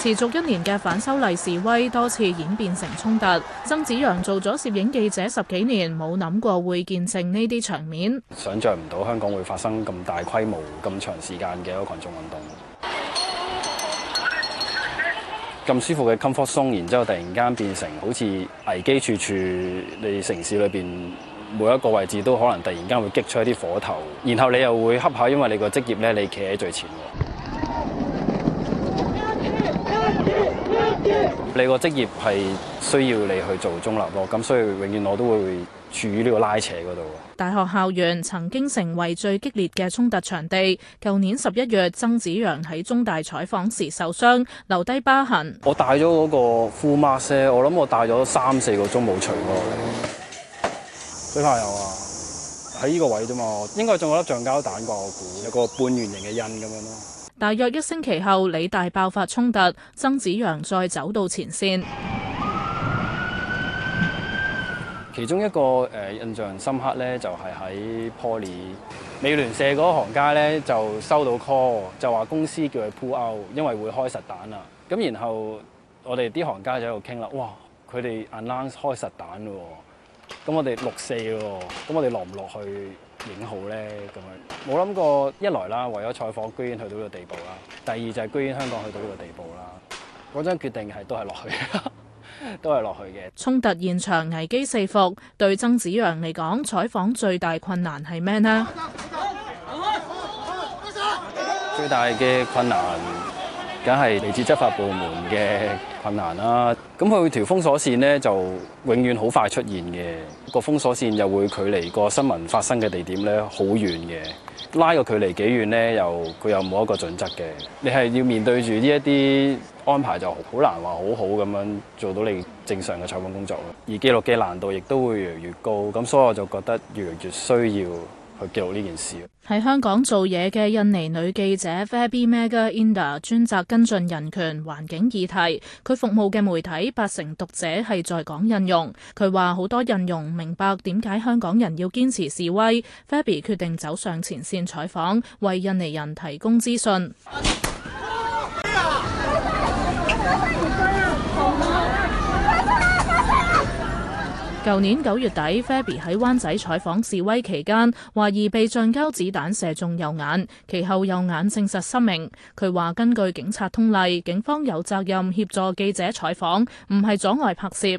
持續一年嘅反修例示威，多次演變成衝突。曾子陽做咗攝影記者十幾年，冇諗過會見證呢啲場面。想象唔到香港會發生咁大規模、咁長時間嘅一個群眾運動。咁舒服嘅 comfort zone，然之後突然間變成好似危機處處。你城市裏邊每一個位置都可能突然間會激出一啲火頭，然後你又會恰巧因為你個職業咧，你企喺最前。你個職業係需要你去做中立咯，咁所以永遠我都會處於呢個拉扯嗰度。大學校園曾經成為最激烈嘅衝突場地。舊年十一月，曾子陽喺中大採訪時受傷，留低疤痕。我戴咗嗰個 full mask，我諗我戴咗三四個鐘冇除過。水 怕有啊，喺呢個位啫嘛，應該仲嗰粒橡膠彈啩，我估有個半圓形嘅印咁樣咯。大約一星期後，理大爆發衝突，曾子陽再走到前線。其中一個誒、呃、印象深刻咧，就係、是、喺 Poly 美聯社嗰行家咧就收到 call，就話公司叫佢鋪 out，因為會開實彈啦。咁然後我哋啲行家就喺度傾啦，哇，佢哋 announce 開實彈咯、哦，咁我哋六四咯，咁我哋落唔落去？影好咧咁樣，冇諗過一來啦，為咗採訪居然去到呢個地步啦；第二就係居然香港去到呢個地步啦，嗰張決定係都係落去，都係落去嘅。衝突現場危機四伏，對曾子陽嚟講，採訪最大困難係咩呢？最大嘅困難。梗係嚟自執法部門嘅困難啦，咁佢條封鎖線呢，就永遠好快出現嘅，個封鎖線又會距離個新聞發生嘅地點呢好遠嘅，拉個距離幾遠呢？又佢又冇一個準則嘅，你係要面對住呢一啲安排就好，好難話好好咁樣做到你正常嘅採訪工作，而記錄嘅難度亦都會越嚟越高，咁所以我就覺得越嚟越需要。去呢件事喺香港做嘢嘅印尼女記者 Fabi Mega Inda 專責跟進人權環境議題。佢服務嘅媒體八成讀者係在港印尼。佢話好多印尼明白點解香港人要堅持示威。Fabi 決定走上前線採訪，為印尼人提供資訊。 舊年九月底，Fabi 喺灣仔採訪示威期間，懷疑被橡膠子彈射中右眼，其後右眼證實失明。佢話：根據警察通例，警方有責任協助記者採訪，唔係阻礙拍攝。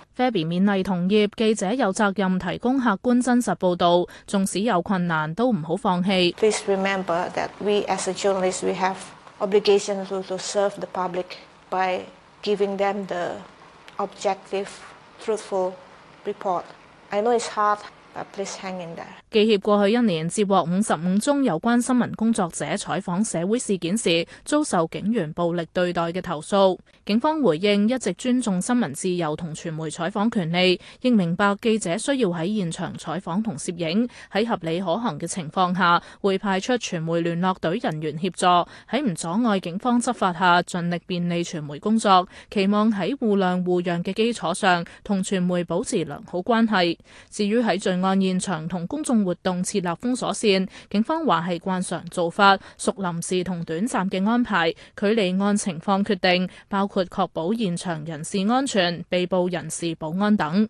Baby 勉勵同業記者有責任提供客觀真實報導，縱使有困難都唔好放棄。記協過去一年接獲五十五宗有關新聞工作者採訪社會事件時遭受警員暴力對待嘅投訴，警方回應一直尊重新聞自由同傳媒採訪權利，亦明白記者需要喺現場採訪同攝影，喺合理可行嘅情況下會派出傳媒聯絡隊人員協助，喺唔阻礙警方執法下盡力便利傳媒工作，期望喺互諒互讓嘅基礎上同傳媒保持良好關係。至於喺最案現場同公眾活動設立封鎖線，警方話係慣常做法，屬臨時同短暫嘅安排，距離按情況決定，包括確保現場人士安全、被捕人士保安等。